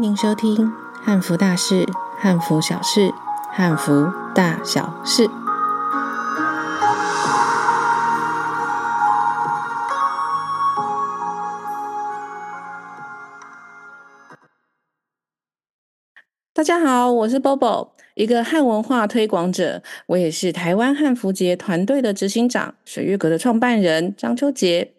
歡迎收聽《漢服大事、漢服小事、漢服大小事》。大家好，我是 Bobo，一個漢文化推廣者，我也是台灣漢服節團隊的執行長，水月閣的創辦人張秋杰。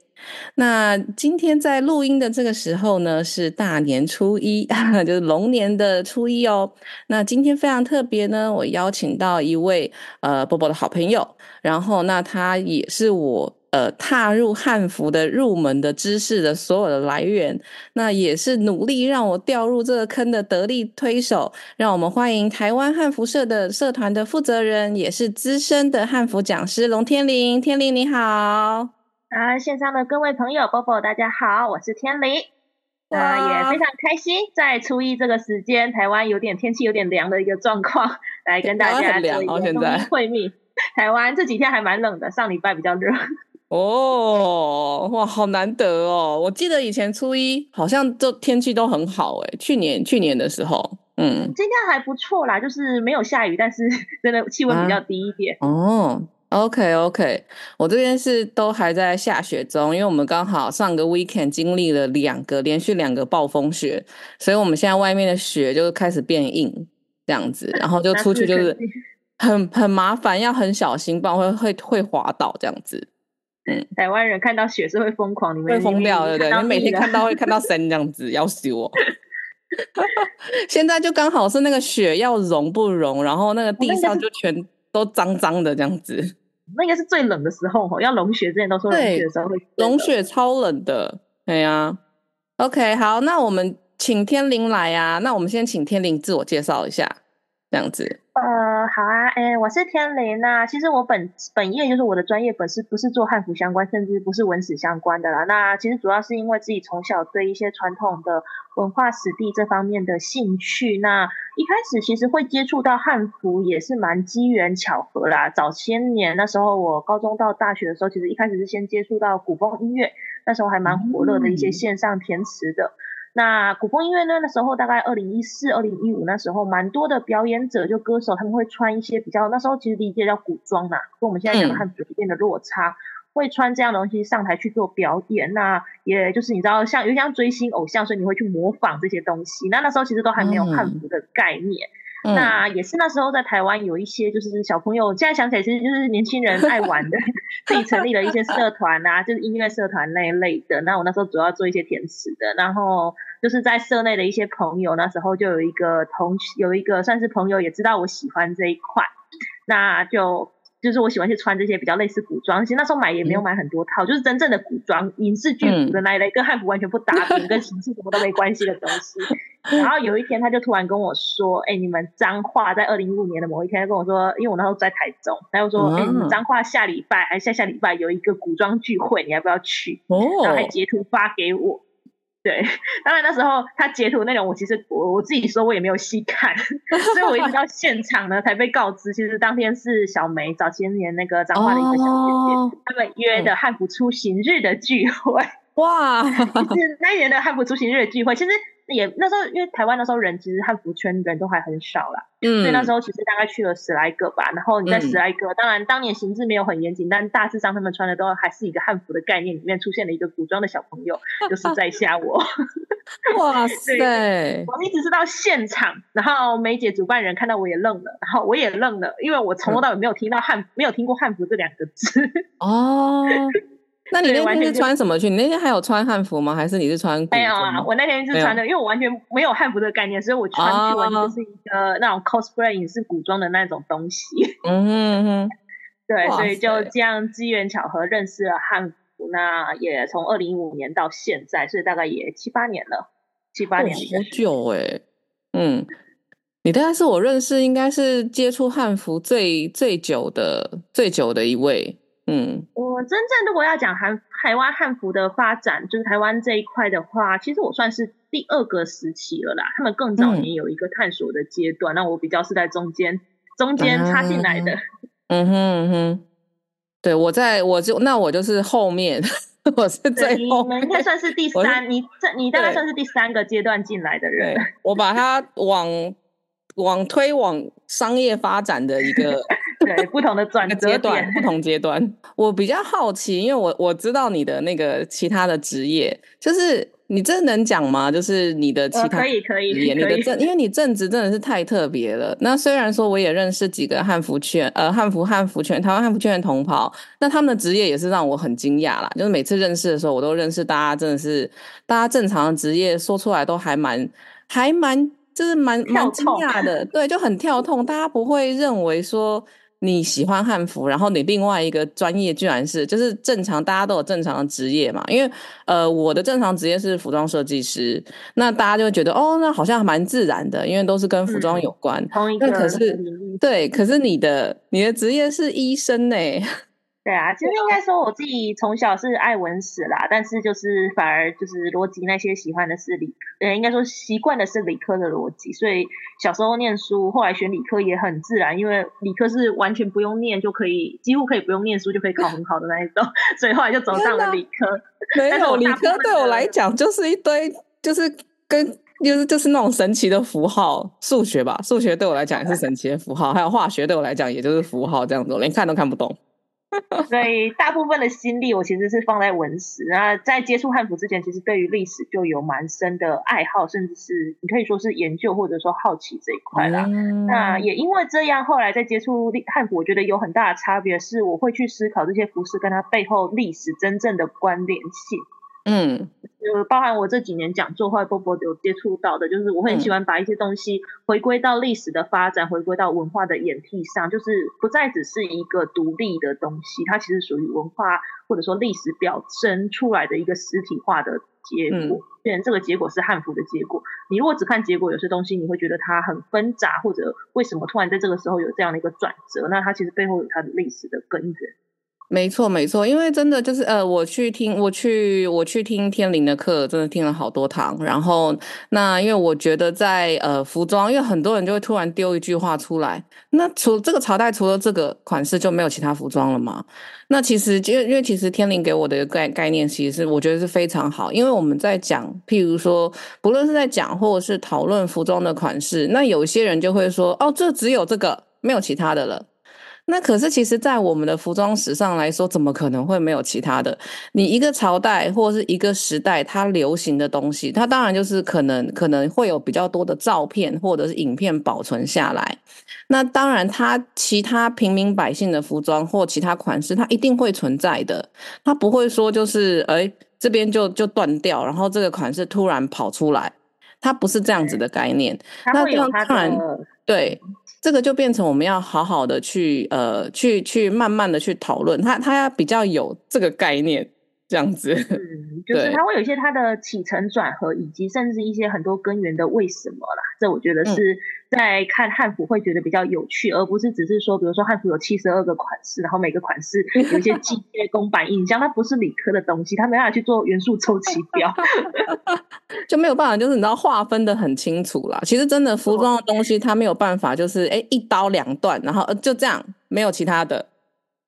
那今天在錄音的這個時候呢，是大年初一， 就是龍年的初一哦。那今天非常特別呢，我邀請到一位呃波波的好朋友，然後那他也是我呃踏入漢服的入門的知識的所有的來源，那也是努力讓我掉入這個坑的得力推手。讓我們歡迎台灣漢服社的社團的負責人，也是資深的漢服講師龍天凌。天凌你好。啊、uh,，線上的各位朋友，Bobo，大家好，我是天凌，啊、uh,，也非常開心在初一這個時間，台灣有點天氣有點涼的一個狀況，來跟大家聊，哦。會現在會面。台灣這幾天還蠻冷的，上禮拜比較熱。哦，哇，好難得哦！我記得以前初一好像都天氣都很好，欸，哎，去年去年的時候，嗯，今天還不錯啦，就是沒有下雨，但是真的氣溫比較低一點。啊、哦。OK OK，我這邊是都還在下雪中，因為我們剛好上個 weekend 經歷了兩個連續兩個暴風雪，所以我們現在外面的雪就開始變硬這樣子，然後就出去就是很很麻煩，要很小心，不然會會會滑倒這樣子。嗯，台灣人看到雪是會瘋狂，你們會瘋掉對不對？你每天看到會看到山這樣子，要死我。現在就剛好是那個雪要融不融，然後那個地上就全都髒脏的這樣子。那應該是最冷的時候哦，要融雪之前都說融雪的時候會融雪超冷的，對啊。OK，好，那我們請天凌來呀、啊，那我們先請天凌自我介紹一下，這樣子。呃，好啊，哎、欸，我是天凌啊。其實我本本業就是我的專業本身不是做漢服相關，甚至不是文史相關的啦。那其實主要是因為自己從小對一些傳統的文化史地這方面的興趣。那一開始其實會接觸到漢服也是蠻機緣巧合啦。早些年那時候我高中到大學的時候，其實一開始是先接觸到古風音樂，那時候還蠻火熱的一些線上填詞的。嗯那古風音樂呢？那時候大概二零一四、二零一五那時候，蠻多的表演者就歌手，他們會穿一些比較那時候其實理解叫古裝嘛，跟我們現在講的漢服有點的落差，嗯。會穿這樣的東西上台去做表演吶。那也就是你知道像，像因為像追星偶像，所以你會去模仿這些東西。那那時候其實都還沒有漢服的概念。嗯那也是那時候在台灣有一些就是小朋友，我現在想起來其實就是年輕人愛玩的， 自己成立了一些社團啊，就是音樂社團那一類的。那我那時候主要做一些填詞的，然後就是在社內的一些朋友，那時候就有一個同有一個算是朋友，也知道我喜歡這一塊，那就。就是我喜歡去穿這些比較類似古裝，其實那時候買也沒有買很多套，嗯、就是真正的古裝，影視劇服的那一類，跟漢服完全不搭邊、嗯，跟形式什麼都沒關係的東西。 然後有一天，他就突然跟我說：“哎，你們彰化在二零一五年的某一天，他跟我說，因為我那時候在台中，他又說：哎，你彰化下禮拜還、啊、下下禮拜有一個古裝聚會，你要不要去？哦？然後還截圖發給我。”對，當然那時候他截圖內容，我其實我我自己說，我也沒有細看， 所以我一直到現場呢才被告知，其實當天是小梅早些年那個彰化的一個小姐姐他、oh. 們約的漢服出行日的聚會哇，wow. 就是那一年的漢服出行日的聚會，其實。也那時候，因為台灣那時候人其實漢服圈人都還很少啦，嗯，所以那時候其實大概去了十來個吧。然後你在十來個，嗯、當然當年形制沒有很嚴謹，但大致上他們穿的都還是一個漢服的概念。裡面出現了一個古裝的小朋友，就是在嚇我。啊、 哇塞對！我一直是到現場，然後梅姐主辦人看到我也愣了，然後我也愣了，因為我從頭到尾沒有聽到漢、嗯，沒有聽過漢服這兩個字。哦。那你那天是穿什麼去？你那天還有穿漢服嗎？還是你是穿古裝？沒有，啊，我那天是穿的，啊、因為我完全沒有漢服的概念，所以我穿的完全就是一個那種 cosplay，影視古裝的那種東西。啊、 嗯、哼嗯哼，對，所以就這樣機緣巧合認識了漢服。那也從二零一五年到現在，所以大概也七八年了，七八年，好久哎、欸。嗯，你應該是我認識，應該是接觸漢服最最久的最久的一位。嗯，我真正如果要講漢、台灣漢服的發展，就是台灣這一塊的話，其實我算是第二個時期了啦。他們更早年有一個探索的階段，那、嗯、我比較是在中間，中間插進來的。嗯,嗯哼嗯哼，對，我在我就那我就是後面，我是在，你們應該算是第三，你這你大概算是第三個階段進來的人。我把它往。 往推，往商業發展的一個 對，不同的轉折點，不同階段。我比較好奇，因為我我知道你的那個其他的職業，就是你這能講嗎？就是你的其他可以可以職業，你的正，因為你正職真的是太特別了。那雖然說我也認識幾個漢服圈，呃，漢服漢服圈，台灣漢服圈的同袍，那他們的職業也是讓我很驚訝啦。就是每次認識的時候，我都認識大家，真的是大家正常的職業說出來都還蠻還蠻。就是蠻蠻驚訝的，對，就很跳痛。大家不會認為說，你喜歡漢服，然後你另外一個專業居然是就是正常，大家都有正常的職業嘛。因為呃，我的正常職業是服裝設計師，那大家就會覺得哦，那好像蠻自然的，因為都是跟服裝有關。那、嗯、同一個、可是對，可是你的你的職業是醫生呢、欸。對啊，其實應該說我自己從小是愛文史啦，但是就是反而就是邏輯那些喜歡的是理，呃，應該說習慣的是理科的邏輯，所以小時候念書，後來選理科也很自然，因為理科是完全不用念就可以，幾乎可以不用念書就可以考很好的那一種、嗯，所以後來就走上了理科。嗯、沒有，理科對我來講就是一堆，就是跟就是就是那種神奇的符號，數學吧，數學對我來講也是神奇的符號，嗯、還有化學對我來講也就是符號這樣子，我連看都看不懂。 所以大部分的心力，我其實是放在文史。那在接觸漢服之前，其實對於歷史就有蠻深的愛好，甚至是你可以說是研究或者說好奇這一塊啦。嗯。那也因為這樣，後來在接觸漢服，我覺得有很大的差別，是我會去思考這些服飾跟它背後歷史真正的關聯性。嗯，包含我這幾年講座，後來波波有接觸到的，就是我很喜歡把一些東西回歸到歷史的發展，嗯、回歸到文化的演替上，就是不再只是一個獨立的東西，它其實屬於文化或者說歷史表徵出來的一個實體化的結果。雖、嗯、然這個結果是漢服的結果，你如果只看結果，有些東西你會覺得它很紛雜，或者為什麼突然在這個時候有這樣的一個轉折？那它其實背後有它的歷史的根源。沒錯，沒錯，因為真的就是呃，我去聽，我去，我去聽天凌的課，真的聽了好多堂。然後那因為我覺得在呃服裝，因為很多人就會突然丟一句話出來，那除這個朝代除了這個款式就沒有其他服裝了嗎？那其實，因為因為其實天凌給我的概概念，其實是我覺得是非常好，因為我們在講，譬如說，不論是在講或者是討論服裝的款式，那有些人就會說，哦，這只有這個，沒有其他的了。那可是，其實，在我們的服裝史上來說，怎麼可能會沒有其他的？你一個朝代或是一個時代，它流行的東西，它當然就是可能可能會有比較多的照片或者是影片保存下來。那當然，它其他平民百姓的服裝或其他款式，它一定會存在的。它不會說就是哎、欸，這邊就就斷掉，然後這個款式突然跑出來，它不是這樣子的概念。它會有他的…那要看。對。這個就變成我們要好好的去呃去去慢慢的去討論，他他要比較有這個概念這樣子，嗯、就是他會有一些他的起承轉合，以及甚至一些很多根源的為什麼啦，這我覺得是、嗯。在看漢服會覺得比較有趣，而不是只是說，比如說漢服有七十二個款式，然後每個款式有一些機械公版印象， 它不是理科的東西，它沒辦法去做元素週期表， 就沒有辦法，就是你知道劃分的很清楚啦。其實真的服裝的東西，它沒有辦法就是誒、欸、一刀兩斷，然後、呃、就這樣沒有其他的，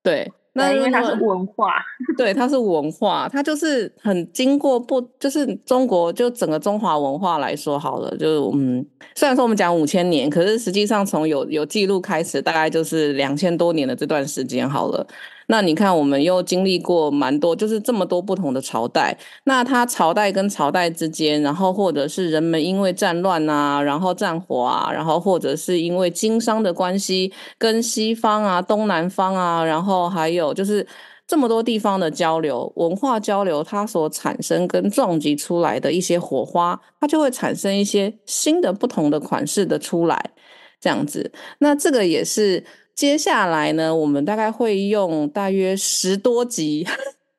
對。那、就是、因為它是文化，對，它是文化，它 就是很經過不，就是中國就整個中華文化來說好了，就是嗯，雖然說我們講五千年，可是實際上從有有記錄開始，大概就是兩千多年的這段時間好了。那你看，我們又經歷過蠻多，就是這麼多不同的朝代。那它朝代跟朝代之間，然後或者是人們因為戰亂啊，然後戰火啊，然後或者是因為經商的關係，跟西方啊、東南方啊，然後還有就是這麼多地方的交流、文化交流，它所產生跟撞擊出來的一些火花，它就會產生一些新的不同的款式的出來，這樣子。那這個也是。接下來呢，我們大概會用大約十多集，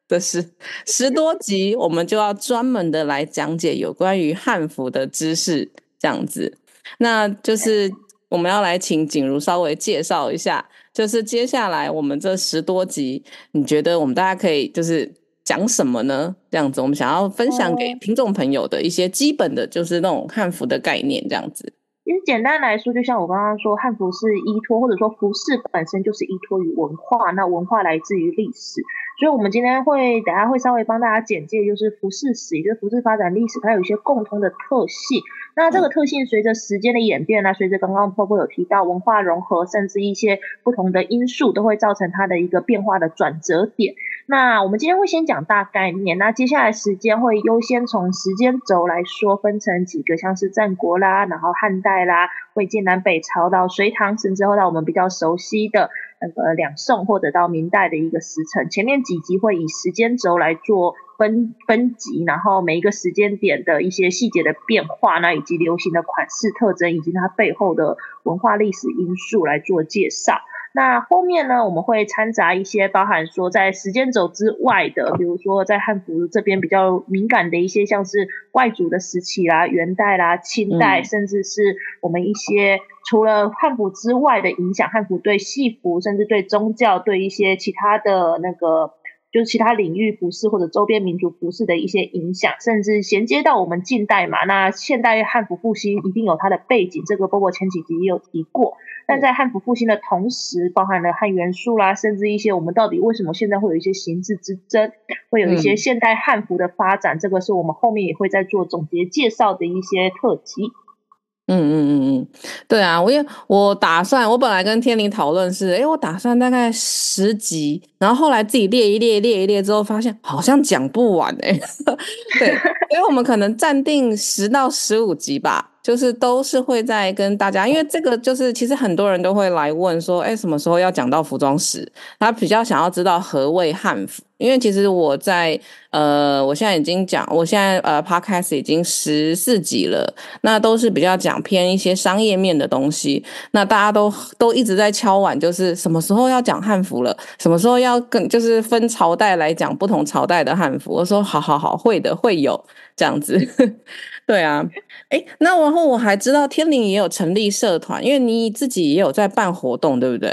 不是，十多集，我們就要專門的來講解有關於漢服的知識，這樣子。那就是我們要來請景如稍微介紹一下，就是接下來我們這十多集，你覺得我們大家可以就是講什麼呢？這樣子，我們想要分享給聽眾朋友的一些基本的，就是那種漢服的概念，這樣子。其實簡單來說，就像我剛剛說，漢服是依托，或者說服飾本身就是依托於文化，那文化來自於歷史。所以，我們今天會等下會稍微幫大家簡介，就是服飾史，就是服飾發展歷史，它有一些共通的特性。那這個特性隨着時間的演變呢，隨着剛剛波波有提到文化融合，甚至一些不同的因素都會造成它的一個變化的轉折點。那我們今天會先講大概念，那接下來時間會優先從時間軸來說，分成幾個，像是戰國啦，然後漢代啦，魏晉南北朝到隋唐，甚至後到我們比較熟悉的那個兩宋，或者到明代的一個時辰。前面幾集會以時間軸來做分分級，然後每一個時間點的一些細節的變化，那以及流行的款式特徵，以及它背後的文化歷史因素來做介紹。那後面呢？我們會摻雜一些包含說在時間軸之外的，比如說在漢服這邊比較敏感的一些，像是外族的時期啦、元代啦、清代，嗯、甚至是我們一些除了漢服之外的影響，漢服對戲服，甚至對宗教、對一些其他的那個就是其他領域服飾或者周邊民族服飾的一些影響，甚至銜接到我們近代嘛，那現代漢服復興一定有它的背景。這個 Bobo 前幾集也有提過。但在漢服復興的同時，包含了漢元素啦、啊，甚至一些我們到底為什麼現在會有一些形制之爭，會有一些現代漢服的發展、嗯，這個是我們後面也會再做總結介紹的一些特輯。嗯嗯嗯嗯，對啊，我也我打算，我本來跟天凌討論是，哎，我打算大概十集，然後後來自己列一列列一列之後，發現好像講不完哎、欸， 對，所以我們可能暫定十到十五集吧。就是都是會在跟大家，因為這個就是其實很多人都會來問說，誒，什麼時候要講到服裝史？他比較想要知道何謂漢服，因為其實我在呃，我現在已經講，我現在呃，podcast 已經十四集了，那都是比較講偏一些商業面的東西。那大家都都一直在敲碗，就是什麼時候要講漢服了？什麼時候要跟就是分朝代來講不同朝代的漢服？我說，好好好，會的會有這樣子。 對啊，誒，那然後我還知道天凌也有成立社團，因為你自己也有在辦活動，對不對？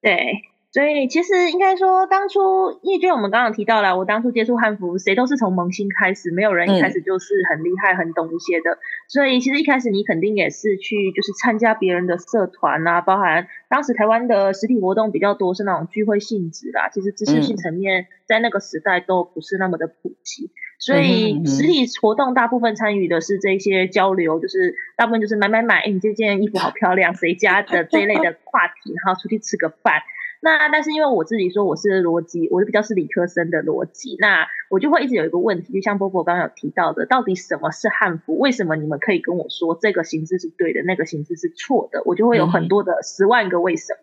對。所以其實應該說，當初因為就我們剛剛提到了，我當初接觸漢服，誰都是從萌新開始，沒有人一開始就是很厲害、嗯、很懂一些的。所以其實一開始你肯定也是去就是參加別人的社團啊，包含當時台灣的實體活動比較多是那種聚會性質啦。其實知識性層面在那個時代都不是那麼的普及，嗯、所以實體活動大部分參與的是這些交流，就是大部分就是買買買，哎、你這件衣服好漂亮，誰家的這一類的話題，然後出去吃個飯。那但是因為我自己說我是邏輯，我就比較是理科生的邏輯，那我就會一直有一個問題，就像波波剛剛有提到的，到底什麼是漢服？為什麼你們可以跟我說這個形式是對的，那個形式是錯的？我就會有很多的十萬個為什麼。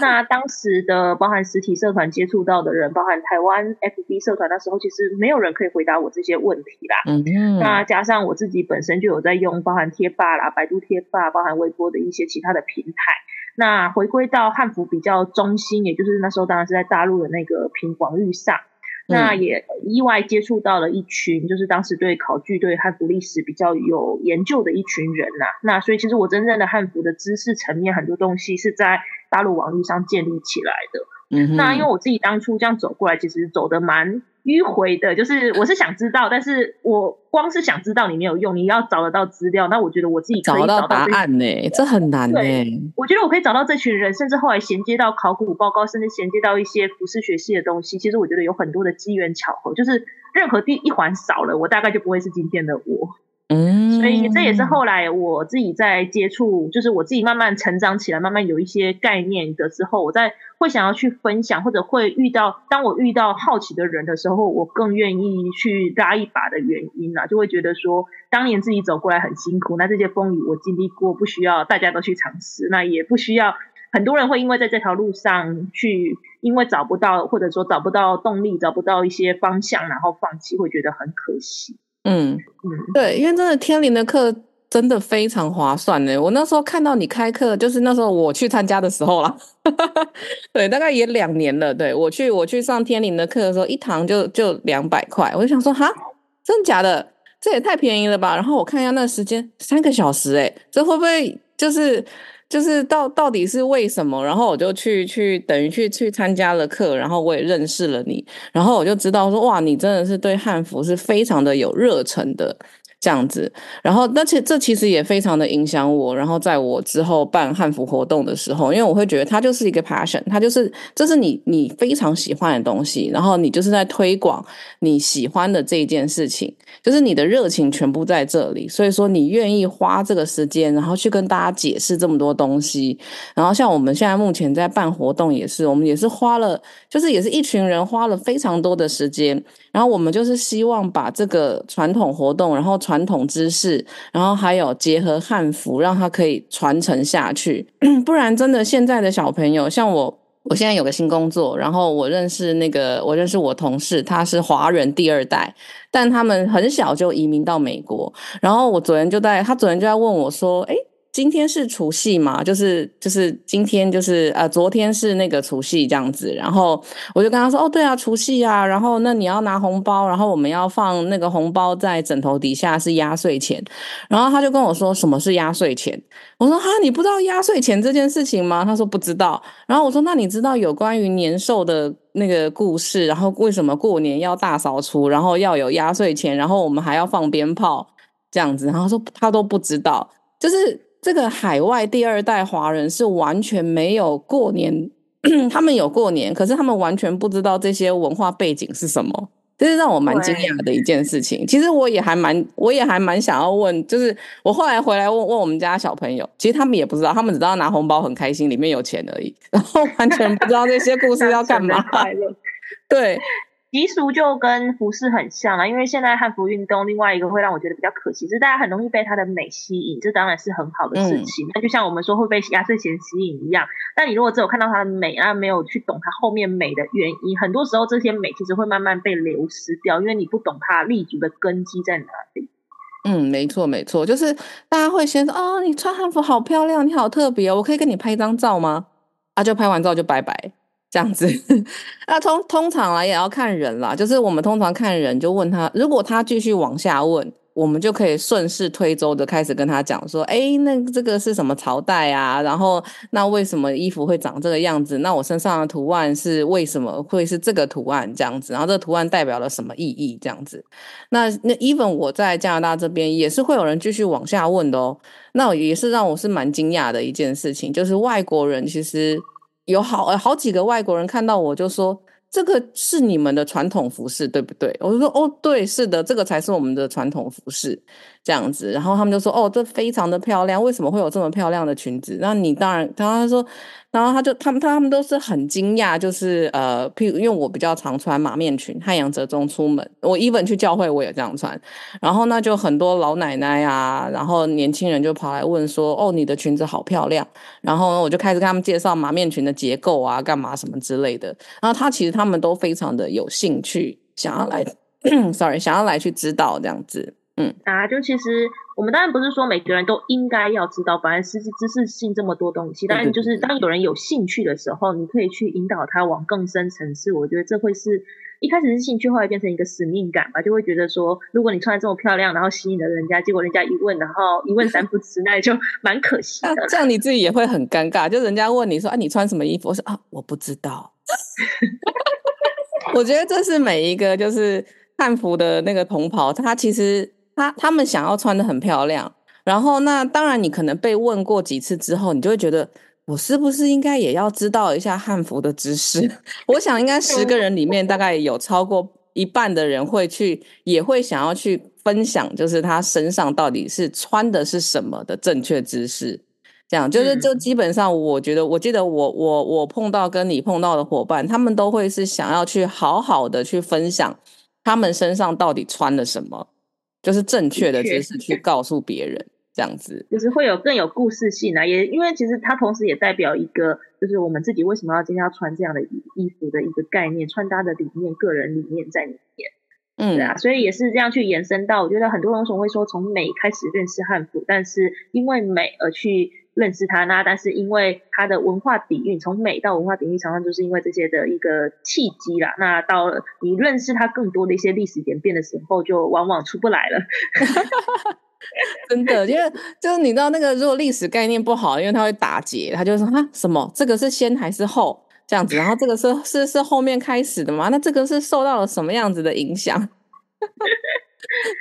那當時的包含實體社團接觸到的人，包含台灣 FB 社團，那時候其實沒有人可以回答我這些問題啦。嗯、mm -hmm. 那加上我自己本身就有在用，包含貼吧啦、百度貼吧，包含微博的一些其他的平台。那回歸到漢服比較中心。也就是那時候，當然是在大陸的那個平廣域上，嗯，那也意外接觸到了一群，就是當時對考據、對漢服歷史比較有研究的一群人吶、啊。那所以，其實我真正的漢服的知識層面，很多東西是在大陸網域上建立起來的。嗯哼。那因為我自己當初這樣走過來，其實走得蠻迂回的。就是我是想知道，但是我光是想知道你沒有用，你要找得到資料。那我覺得我自己可以找得到，到答案呢、欸，這很難呢、欸。我覺得我可以找到這群人，甚至後來銜接到考古報告，甚至銜接到一些服飾學系的東西。其實我覺得有很多的機緣巧合，就是任何第一環少了，我大概就不會是今天的我。所以這也是後來我自己在接觸，就是我自己慢慢成長起來，慢慢有一些概念的時候，我在會想要去分享，或者會遇到，當我遇到好奇的人的時候，我更願意去拉一把的原因啦，就會覺得說，當年自己走過來很辛苦，那這些風雨我經歷過，不需要大家都去嘗試，那也不需要很多人會因為在這條路上去，因為找不到或者說找不到動力，找不到一些方向，然後放棄，會覺得很可惜。嗯，對，因為真的天凌的課真的非常划算嘞。我那時候看到你開課，就是那時候我去參加的時候啦。 對，大概也兩年了。對我去，我去上天凌的課的時候，一堂就就兩百塊，我就想說，哈，真的假的？這也太便宜了吧？然後我看一下那時間，三個小時，哎，這會不會就是？就是到到底是為什麼？然後我就去去等於去去參加了課，然後我也認識了你，然後我就知道說，哇，你真的是對漢服是非常的有熱忱的。這樣子，然後，那這其實也非常的影響我。然後，在我之後辦漢服活動的時候，因為我會覺得它就是一個 passion，它就是這是你你非常喜歡的東西，然後你就是在推廣你喜歡的這一件事情，就是你的熱情全部在這裡，所以說你願意花這個時間，然後去跟大家解釋這麼多東西。然後像我們現在目前在辦活動也是，我們也是花了，就是也是一群人花了非常多的時間。然後我們就是希望把這個傳統活動，然後傳統知識，然後還有結合漢服，讓它可以傳承下去。 不然真的現在的小朋友，像我，我現在有個新工作，然後我認識那個，我認識我同事，他是華人第二代，但他們很小就移民到美國。然後我昨天就在，他昨天就在問我說，哎。今天是除夕嘛，就是就是今天就是呃，昨天是那個除夕這樣子。然後我就跟他說，哦，對啊，除夕啊。然後那你要拿紅包，然後我們要放那個紅包在枕頭底下是壓歲錢。然後他就跟我說，什麼是壓歲錢？我說哈，你不知道壓歲錢這件事情嗎？他說不知道。然後我說，那你知道有關於年獸的那個故事？然後為什麼過年要大掃除？然後要有壓歲錢？然後我們還要放鞭炮這樣子？然後他說他都不知道，就是。這個海外第二代華人是完全沒有過年，他們有過年，可是他們完全不知道這些文化背景是什麼，這是讓我蠻驚訝的一件事情。其實我也還蠻，我也還蠻想要問，就是我後來回來問問我們家小朋友，其實他們也不知道，他們只知道拿紅包很開心，裡面有錢而已，然後完全不知道這些故事要幹嘛。 快樂，對。習俗就跟服飾很像了，因為現在漢服運動，另外一個會讓我覺得比較可惜，就是大家很容易被它的美吸引，這當然是很好的事情。嗯、那就像我們說會被壓歲錢吸引一樣，但你如果只有看到它的美，而沒有去懂它後面,美的原因，很多時候這些美其實會慢慢被流失掉，因為你不懂它立足的根基在哪裡。嗯，沒錯沒錯，就是大家會先說哦，你穿漢服好漂亮，你好特別哦，我可以跟你拍一張照嗎？啊，就拍完照就拜拜。這樣子，那通，通常啦，也要看人啦。就是我們通常看人，就問他，如果他繼續往下問，我們就可以順勢推舟的開始跟他講說，哎、欸，那這個是什麼朝代啊？然後那為什麼衣服會長這個樣子？那我身上的圖案是為什麼會是這個圖案？這樣子，然後這個圖案代表了什麼意義？這樣子，那那 even 我在加拿大這邊也是會有人繼續往下問的哦，那也是讓我是蠻驚訝的一件事情，就是外國人其實。有好好幾個外國人看到我，就說這個是你們的傳統服飾，對不對？我就說哦，對，是的，這個才是我們的傳統服飾，這樣子。然後他們就說哦，這非常的漂亮，為什麼會有這麼漂亮的裙子？那你當然，然後他說。然後他就他們他，他，他們都是很驚訝，就是呃，譬如因為我比較常穿馬面裙，漢洋折衷出門，我 even 去教會我也這樣穿。然後呢，就很多老奶奶啊，然後年輕人就跑來問說：“哦，你的裙子好漂亮。”然後呢，我就開始跟他們介紹馬面裙的結構啊，幹嘛什麼之類的。然後他其實他們都非常的有興趣，想要來 ，sorry，想要來去知道這樣子，嗯，啊，就其實。我們當然不是說每個人都應該要知道，本來是知識性這麼多東西，當然就是當有人有興趣的時候，你可以去引導他往更深層次。我覺得這會是一開始是興趣，後來變成一個使命感吧，就會覺得說，如果你穿的這麼漂亮，然後吸引了人家，結果人家一問，然後一問三不知，那就蠻可惜的、 啊。這樣你自己也會很尷尬，就人家問你說：“啊，你穿什麼衣服？”我說：“啊，我不知道。 ”我覺得這是每一個就是漢服的那個同袍，他其實。他他們想要穿的很漂亮，然後那當然，你可能被問過幾次之後，你就會覺得我是不是應該也要知道一下漢服的知識？ 我想應該十個人裡面大概有超過一半的人會去，也會想要去分享，就是他身上到底是穿的是什麼的正確知識。這樣就是就基本上，我覺得我記得我我我碰到跟你碰到的夥伴，他們都會是想要去好好的去分享他們身上到底穿了什麼。就是正確的知識去告訴別人這，這樣子就是會有更有故事性啊！也因為其實它同時也代表一個，就是我們自己為什麼要今天要穿這樣的衣服的一個概念，穿搭的理念、個人理念在裡面。嗯，啊，所以也是這樣去延伸到，我覺得很多人總會說從美開始認識漢服，但是因為美而去。認識他那，但是因為他的文化底蘊，從美到文化底蘊，常常就是因為這些的一個契機啦。那到你認識他更多的一些歷史演變的時候，就往往出不來了。 真的，因為就是你知道那個，如果歷史概念不好，因為他會打結，他就說啊什麼這個是先還是後這樣子，然後這個是是是後面開始的嗎？那這個是受到了什麼樣子的影響？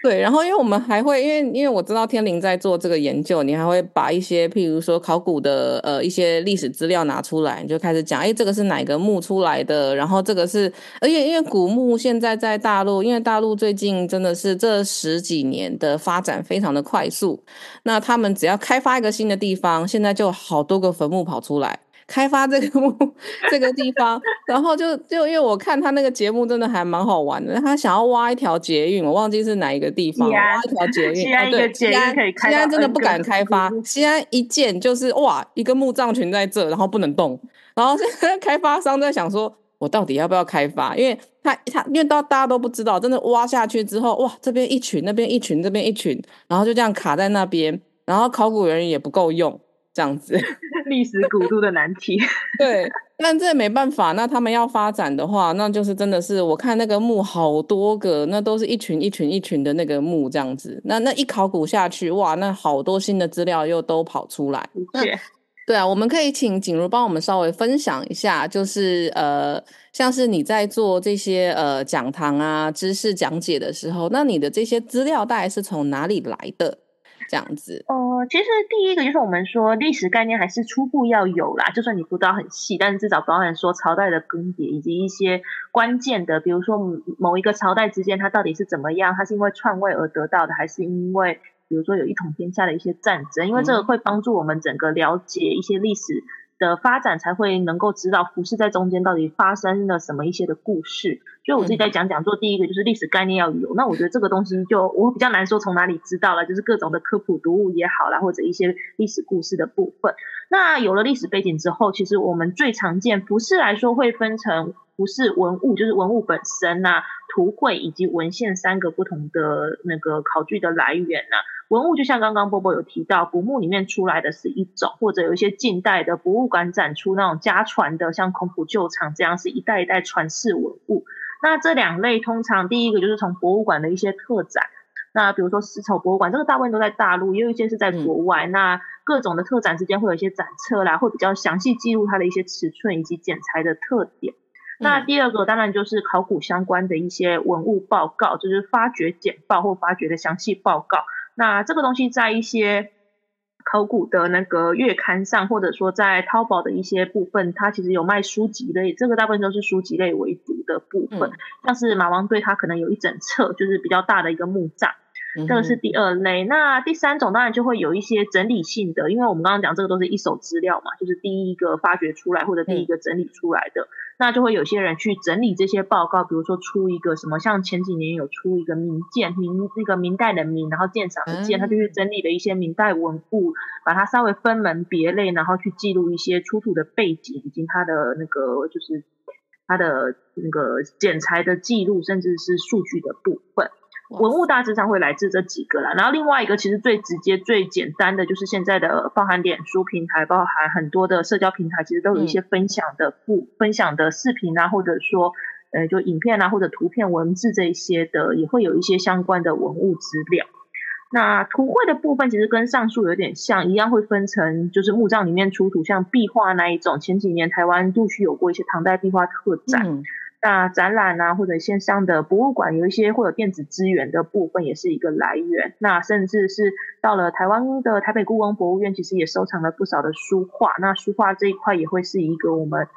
對，然後因為我們還會，因為因為我知道天凌在做這個研究，你還會把一些譬如說考古的呃一些歷史資料拿出來，你就開始講，誒，這個是哪個墓出來的，然後這個是，而且因為古墓現在在大陸，因為大陸最近真的是這十幾年的發展非常的快速，那他們只要開發一個新的地方，現在就好多個墳墓跑出來。開發這個墓這個地方， 然後就就因為我看他那個節目，真的還蠻好玩的。他想要挖一條捷運，我忘記是哪一個地方，yeah, 挖一條捷運。西安，西安可以開發，西安真的不敢開發。西安一建就是哇，一個墓葬群在這，然後不能動，然後現在開發商在想說，我到底要不要開發？因為他他因為到大家都不知道，真的挖下去之後，哇，這邊一群，那邊一群，這邊一群，然後就這樣卡在那邊，然後考古人員也不夠用。這樣子， 歷史古都的難題。 對，那這沒辦法。那他們要發展的話，那就是真的是我看那個墓好多個，那都是一群一群一群的那個墓這樣子。那那一考古下去，哇，那好多新的資料又都跑出來。對，對啊，我們可以請景如幫我們稍微分享一下，就是呃，像是你在做這些呃講堂啊、知識講解的時候，那你的這些資料大概是從哪裡來的？這樣子，哦、呃，其實第一個就是我們說歷史概念還是初步要有啦，就算你讀到很細，但是至少包含說朝代的更迭以及一些關鍵的，比如說某一個朝代之間它到底是怎麼樣，它是因為篡位而得到的，還是因為比如說有一統天下的一些戰爭，嗯、因為這個會幫助我們整個了解一些歷史。的發展才會能夠知道服飾在中間到底發生了什麼一些的故事，所以我自己在講講座，第一個就是歷史概念要有。那我覺得這個東西就我比較難說從哪裡知道了，就是各種的科普讀物也好啦，或者一些歷史故事的部分。那有了歷史背景之後，其實我們最常見服飾來說會分成。不是文物，就是文物本身吶、啊，圖繪以及文獻三個不同的那個考據的來源吶、啊。文物就像剛剛波波有提到，古墓裡面出來的是一種，或者有一些近代的博物館展出那種家傳的，像孔府舊藏這樣是一代一代傳世文物。那這兩類，通常第一個就是從博物館的一些特展，那比如說絲綢博物館，這個大部分都在大陸，也有一些是在國外。那各種的特展之間會有一些展測啦，會比較詳細記錄它的一些尺寸以及剪裁的特點。嗯、那第二個當然就是考古相關的一些文物報告，就是發掘簡報或發掘的詳細報告。那這個東西在一些考古的那個月刊上，或者說在淘寶的一些部分，它其實有賣書籍類，這個大部分都是書籍類為主的部分。嗯、像是馬王堆，它可能有一整冊，就是比較大的一個墓葬。這個是第二類，那第三種當然就會有一些整理性的。因為我們剛剛講這個都是一手資料嘛，就是第一個發掘出來或者第一個整理出來的，嗯、那就會有些人去整理這些報告，比如說出一個什麼，像前幾年有出一個明鑑，明，那個明代的明，然後鑑賞的鑑。他就去整理了一些明代文物，把它稍微分門別類，然後去記錄一些出土的背景以及它的那個就是它的那個剪裁的記錄，甚至是數據的部分。文物大致上會來自這幾個啦，然後另外一個其實最直接、最簡單的就是現在的包含臉書平台，包含很多的社交平台，其實都有一些分享的部、嗯、分享的視頻啊，或者說呃就影片啊，或者圖片、文字這一些的，也會有一些相關的文物資料。那圖繪的部分其實跟上述有點像，一樣會分成就是墓葬裡面出土像壁畫那一種，前幾年台灣陸續有過一些唐代壁畫特展。嗯那展覽啊，或者線上的博物館，有一些會有電子資源的部分，也是一個來源。那甚至是到了台灣的台北故宮博物院，其實也收藏了不少的書畫。那書畫這一塊也會是一個我們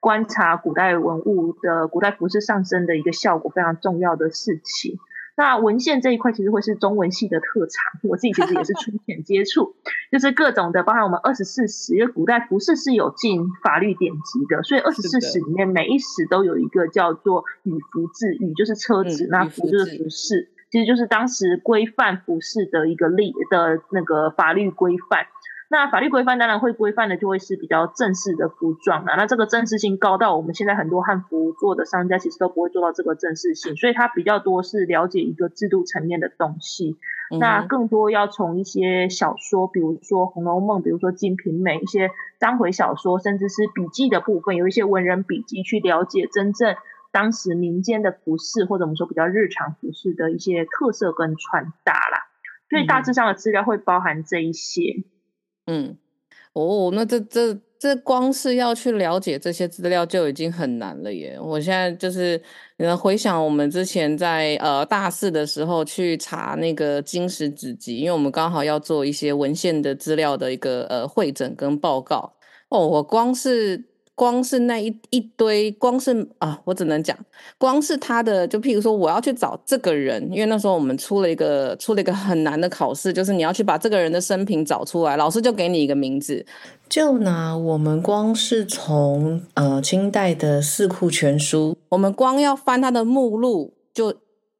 觀察古代文物的古代服飾上身的一個效果非常重要的事情。那文獻這一塊其實會是中文系的特長，我自己其實也是初淺接觸， 就是各種的，包含我們二十四史，因為古代服飾是有進法律典籍的，所以二十四史裡面每一史都有一個叫做《輿服志》，輿就是車子，那服就是服飾、嗯，其實就是當時規範服飾的一個例的那個法律規範。那法律規範當然會規範的，就會是比較正式的服裝了。那這個正式性高到我們現在很多漢服做的商家其實都不會做到這個正式性，所以它比較多是了解一個制度層面的東西。嗯。那更多要從一些小說，比如說《紅樓夢》，比如說《金瓶梅》，一些章回小說，甚至是筆記的部分，有一些文人筆記去了解真正當時民間的服飾，或者我們說比較日常服飾的一些特色跟穿搭啦。所以大致上的資料會包含這一些。嗯嗯，哦，那這這這光是要去了解這些資料就已經很難了耶！我現在就是，你能回想我們之前在呃大四的時候去查那個《金石子集經史子集》，因為我們剛好要做一些文獻的資料的一個呃彙整跟報告哦，我光是。光是那一一堆，光是啊，我只能講，光是他的，就譬如說，我要去找這個人，因為那時候我們出了一個出了一個很難的考試，就是你要去把這個人的生平找出來，老師就給你一個名字，就拿我們光是從呃清代的四庫全書，我們光要翻他的目錄就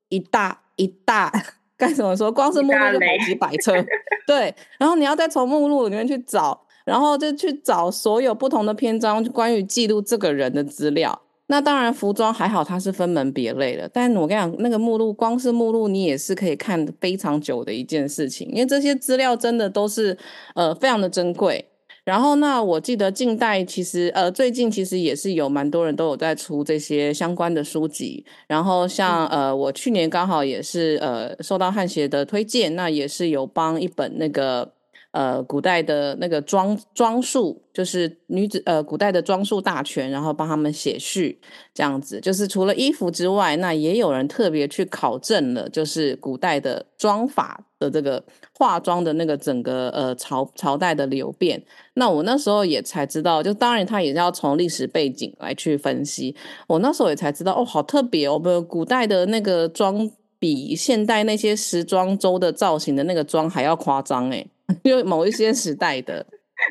一大一大該怎麼說，光是目錄就有幾百冊， 對，然後你要再從目錄裡面去找。然後就去找所有不同的篇章，關於記錄這個人的資料。那當然，服裝還好，它是分門別類的。但是我跟你講，那個目錄光是目錄，你也是可以看非常久的一件事情，因為這些資料真的都是呃非常的珍貴。然後，那我記得近代其實呃最近其實也是有蠻多人都有在出這些相關的書籍。然後像、嗯、呃，我去年剛好也是呃受到漢協的推薦，那也是有幫一本那個。呃，古代的那個裝裝束，就是女子呃，古代的裝束大全，然後幫他們寫序這樣子。就是除了衣服之外，那也有人特別去考證了，就是古代的妝法的這個化妝的那個整個呃朝朝代的流變。那我那時候也才知道，就當然他也是要從歷史背景來去分析。我那時候也才知道，哦，好特別哦，不，古代的那個妝比現代那些時裝周的造型的那個妝還要誇張哎。因 為某一些時代的，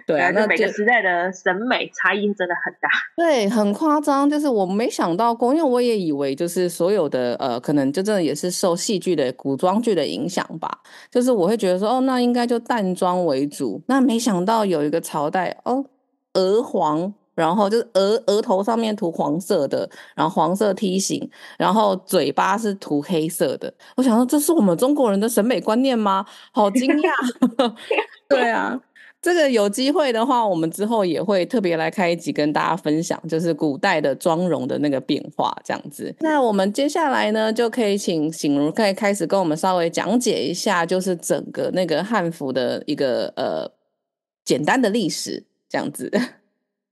對、啊，那每個時代的審美差異真的很大，對，很誇張。就是我沒想到過，因為我也以為就是所有的呃，可能就真的也是受戲劇的古裝劇的影響吧。就是我會覺得說，哦，那應該就淡妝為主。那沒想到有一個朝代，哦，鵝黃。然後就是額額頭上面塗黃色的，然後黃色梯形，然後嘴巴是塗黑色的。我想說，這是我們中國人的審美觀念嗎？好驚訝！ 對啊， 這個有機會的話，我們之後也會特別來開一集跟大家分享，就是古代的妝容的那個變化這樣子。那我們接下來呢，就可以請醒如可以開始跟我們稍微講解一下，就是整個那個漢服的一個呃簡單的歷史這樣子。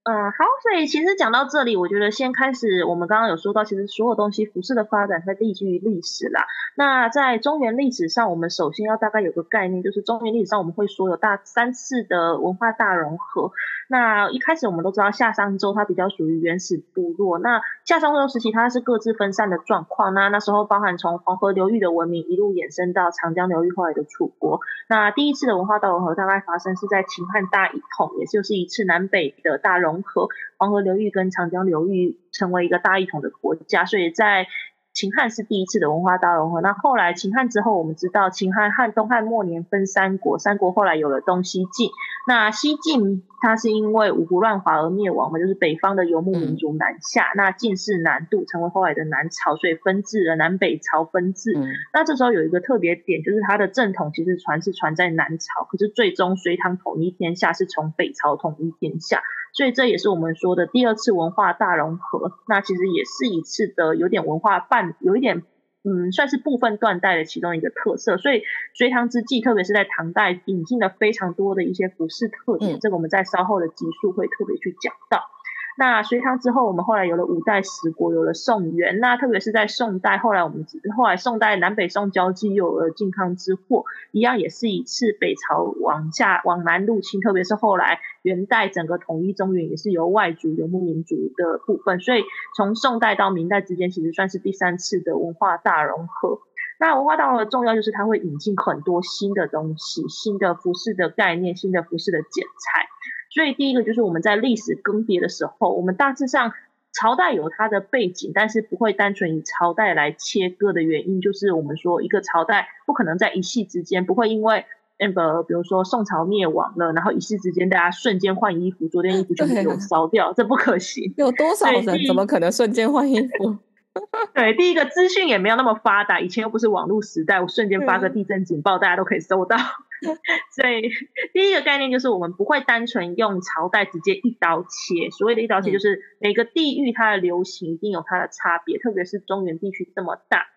嗯，好，所以其實講到這裡，我覺得先開始，我們剛剛有說到，其實所有東西服飾的發展它依據歷史啦。那在中原歷史上，我們首先要大概有個概念，就是中原歷史上我們會說有大三次的文化大融合。那一開始我們都知道夏商周它比較屬於原始部落，那夏商周時期它是各自分散的狀況。那那時候包含從黃河流域的文明一路延伸到長江流域後來的楚國。那第一次的文化大融合大概發生是在秦漢大一統，也就是一次南北的大融。融合黃河流域跟長江流域成為一個大一統的國家，所以在秦漢是第一次的文化大融合。那後來秦漢之後，我們知道秦漢漢東漢末年分三國，三國後來有了東西晉。那西晉它是因為五胡亂華而滅亡嘛，就是北方的游牧民族南下，嗯、那晉室南渡成為後來的南朝，所以分治了南北朝分治。嗯、那這時候有一個特別點，就是它的正統其實傳是傳在南朝，可是最終隋唐統一天下是從北朝統一天下。所以這也是我們說的第二次文化大融合，那其實也是一次的有點文化半，有一點嗯，算是部分斷代的其中一個特色。所以隋唐之際，特別是在唐代引進了非常多的一些服飾特點、嗯，這個我們在稍後的集數會特別去講到。那隋唐之後，我們後來有了五代十國，有了宋元。那特別是在宋代，後來我們後來宋代南北宋交際又有了靖康之禍，一樣也是一次北朝往下往南入侵。特別是後來元代整個統一中原，也是由外族游牧民族的部分。所以從宋代到明代之間，其實算是第三次的文化大融合。那文化大融合重要就是它會引進很多新的東西，新的服飾的概念，新的服飾的剪裁。所以第一個就是我們在歷史更迭的時候，我們大致上朝代有它的背景，但是不會單純以朝代來切割的原因，就是我們說一個朝代不可能在一夕之間不會因為那個，比如說宋朝滅亡了，然後一夕之間大家瞬間換衣服，昨天衣服就沒有燒掉，啊，這不可行。有多少人怎麼可能瞬間換衣服？ 對，第一個資訊也沒有那麼發達，以前又不是網絡時代，我瞬間發個地震警報，嗯，大家都可以收到。所 以 第一個概念就是，我們不會單純用朝代直接一刀切。所謂的一刀切，就是每個地域它的流行一定有它的差別、嗯，特別是中原地區這麼大，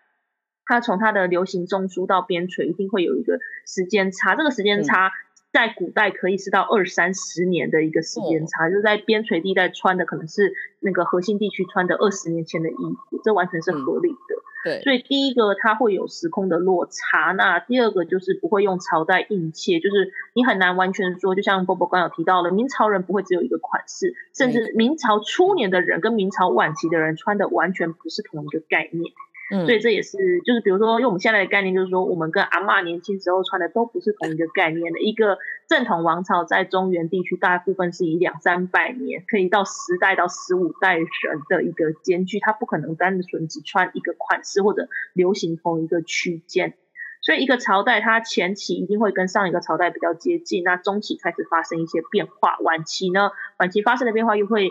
它從它的流行中樞到邊陲一定會有一個時間差。這個時間差、嗯。在古代可以是到二三十年的一個時間差，嗯、就是在邊陲地帶穿的可能是那個核心地區穿的二十年前的衣服，這完全是合理的。嗯、對，所以第一個它會有時空的落差，那第二個就是不會用朝代硬切，就是你很難完全說，就像 Bobo 剛剛有提到了，明朝人不會只有一個款式，甚至明朝初年的人跟明朝晚期的人穿的完全不是同一個概念。所以這也是，就是比如說，用我們現在的概念，就是說，我們跟阿嬤年輕時候穿的都不是同一個概念的。一個正統王朝在中原地區，大部分是以兩三百年，可以到十代到十五代人的一個間距，它不可能單純只穿一個款式或者流行同一個區間。所以一個朝代，它前期一定會跟上一個朝代比較接近，那中期開始發生一些變化，晚期呢，晚期發生的變化又會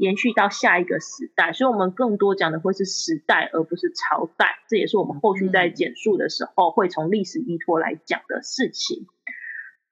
延續到下一個時代，所以我們更多講的會是時代，而不是朝代。這也是我們後續在簡述的時候會從歷史依托來講的事情。嗯。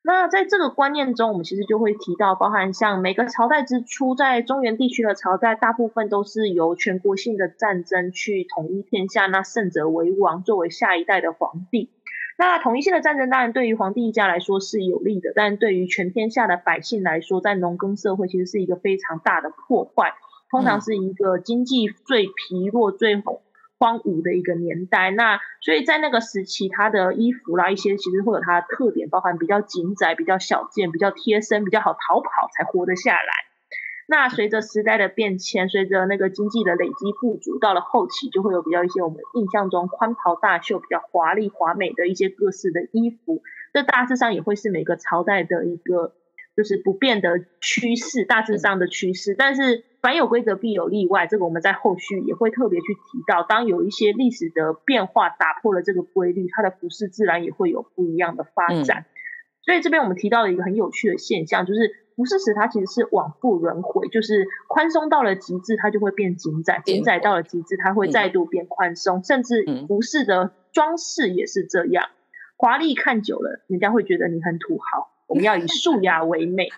那在這個觀念中，我們其實就會提到，包含像每個朝代之初，在中原地區的朝代，大部分都是由全國性的戰爭去統一天下，那勝者為王，作為下一代的皇帝。那統一性的戰爭當然對於皇帝一家來說是有利的，但對於全天下的百姓來說，在農耕社會其實是一個非常大的破壞，通常是一個經濟最疲弱、最荒蕪的一個年代。嗯。那所以在那個時期，他的衣服啦一些其實會有它的特點，包含比較緊窄、比較小件、比較貼身、比較好逃跑才活得下來。那隨着時代的變遷，隨着那個經濟的累積不足，到了後期就會有比較一些我們印象中寬袍大袖、比較華麗華美的一些各式的衣服。這大致上也會是每個朝代的一個就是不變的趨勢，大致上的趨勢、嗯。但是凡有規則必有例外，這個我們在後續也會特別去提到。當有一些歷史的變化打破了這個規律，它的服飾自然也會有不一樣的發展。嗯、所以這邊我們提到了一個很有趣的現象，就是。服飾史它其實是往復輪回，就是寬鬆到了極致，它就會變緊窄；緊窄到了極致，它會再度變寬鬆。嗯。甚至服飾的裝飾也是這樣，華麗看久了，人家會覺得你很土豪。我們要以素雅為美，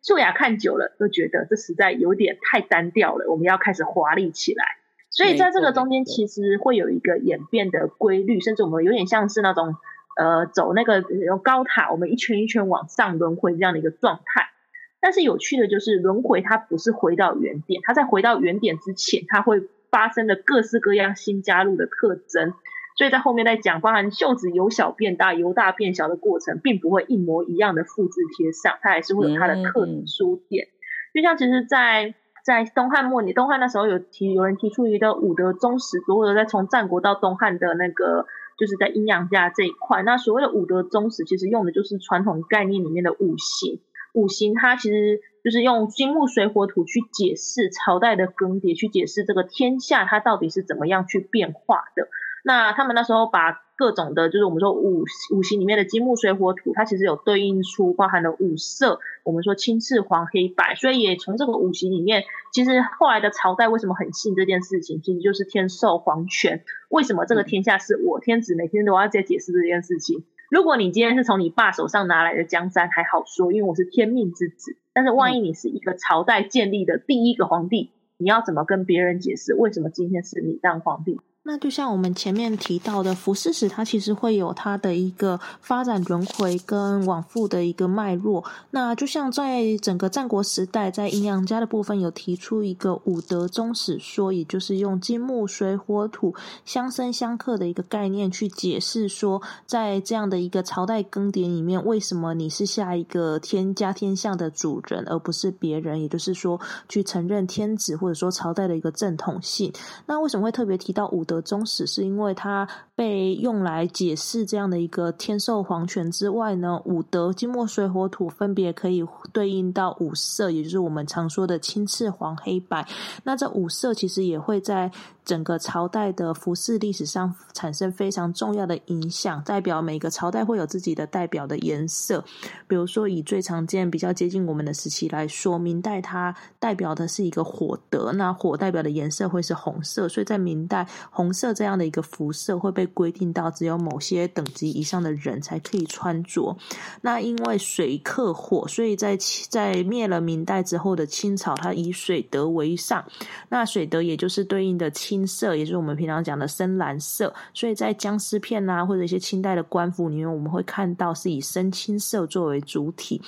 素 雅看久了，就覺得這實在有點太單調了。我們要開始華麗起來。所以在這個中間，其實會有一個演變的規律，甚至我們有點像是那種，呃，走那個高塔，我們一圈一圈往上輪回這樣的一個狀態。但是有趣的就是輪迴，它不是回到原點，它在回到原點之前，它會發生的各式各樣新加入的特徵。所以在後面再講，包含袖子由小變大、由大變小的過程，並不會一模一樣的複製貼上，它還是會有它的特殊點、嗯。就像其實在，在在東漢末年，東漢那時候有提有人提出一個五德終始，所有的在從戰國到東漢的那個，就是在陰陽家這一塊，那所謂的五德終始，其實用的就是傳統概念裡面的五行。五行它其實就是用金木水火土去解釋朝代的更迭，去解釋這個天下它到底是怎麼樣去變化的。那他們那時候把各種的，就是我們說五五行裡面的金木水火土，它其實有對應出包含了五色，我們說青赤黃黑白。所以也從這個五行裡面，其實後來的朝代為什麼很信這件事情，其實就是天授皇權。為什麼這個天下是我天子每天都要在解釋這件事情？如果你今天是從你爸手上拿來的江山，嗯、還好說，因為我是天命之子。但是萬一你是一個朝代建立的第一個皇帝，嗯、你要怎麼跟別人解釋為什麼今天是你當皇帝？那就像我們前面提到的服飾史，它其實會有它的一個發展輪迴跟往復的一個脈絡。那就像在整個戰國時代，在陰陽家的部分有提出一個五德終始說，也就是用金木水火土相生相剋的一個概念去解釋說，在這樣的一個朝代更迭裡面，為什麼你是下一個天家天象的主人，而不是別人？也就是說，去承認天子或者說朝代的一個正統性。那為什麼會特別提到五德？宗史是因為它，被用來解釋這樣的一個天授皇權之外呢，五德金木水火土分別可以對應到五色，也就是我們常說的青赤黃黑白。那這五色其實也會在整個朝代的服飾歷史上產生非常重要的影響，代表每個朝代會有自己的代表的顏色。比如說以最常見、比較接近我們的時期來說，明代它代表的是一個火德，那火代表的顏色會是紅色，所以在明代紅。紅色這樣的一個服飾會被規定到只有某些等級以上的人才可以穿着。那因為水克火，所以在在滅了明代之後的清朝，它以水德為上。那水德也就是對應的青色，也就是我們平常講的深藍色。所以在僵屍片啊或者一些清代的官服裡面，我們會看到是以深青色作為主體。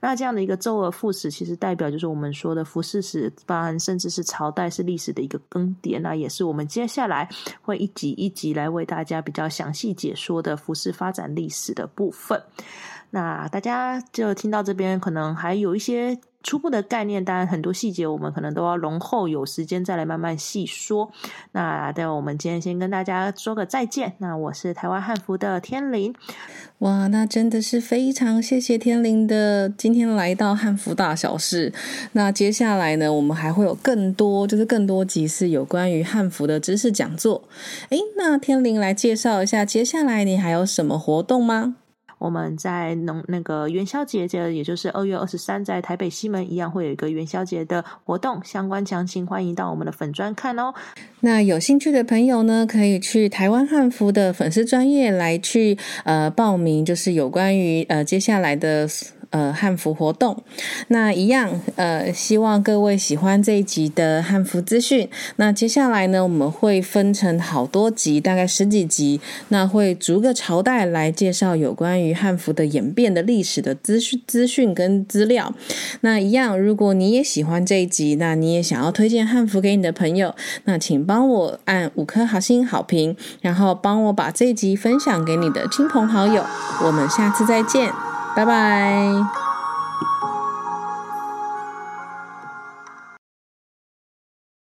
那這樣的一個周而復始，其實代表就是我們說的服飾史班，包含甚至是朝代是歷史的一個更迭。那也是我們接下來。會一集一集來為大家比較詳細解說的服飾發展歷史的部分，那大家就聽到這邊可能還有一些。初步的概念，當然很多細節我們可能都要容後有時間再來慢慢細說。那待會我們今天先跟大家說個再見。那我是台灣漢服的天凌。哇！那真的是非常謝謝天凌的今天來到漢服大小事。那接下來呢，我們還會有更多就是更多集是，有關於漢服的知識講座。誒，那天凌來介紹一下，接下來你還有什麼活動嗎？我們在農那個元宵節，這也就是二月二十三，在台北西門一樣會有一個元宵節的活動，相關詳情歡迎到我們的粉專看哦。那有興趣的朋友呢，可以去台灣漢服的粉絲專頁來去呃報名，就是有關於呃接下來的。呃，漢服活動那一樣，呃，希望各位喜歡這一集的漢服資訊。那接下來呢，我們會分成好多集，大概十幾集，那會逐個朝代來介紹有關於漢服的演變的歷史的資訊資訊跟資料。那一樣，如果你也喜歡這一集，那你也想要推薦漢服給你的朋友，那請幫我按五顆好心好評，然後幫我把這一集分享給你的親朋好友。我們下次再見。拜拜。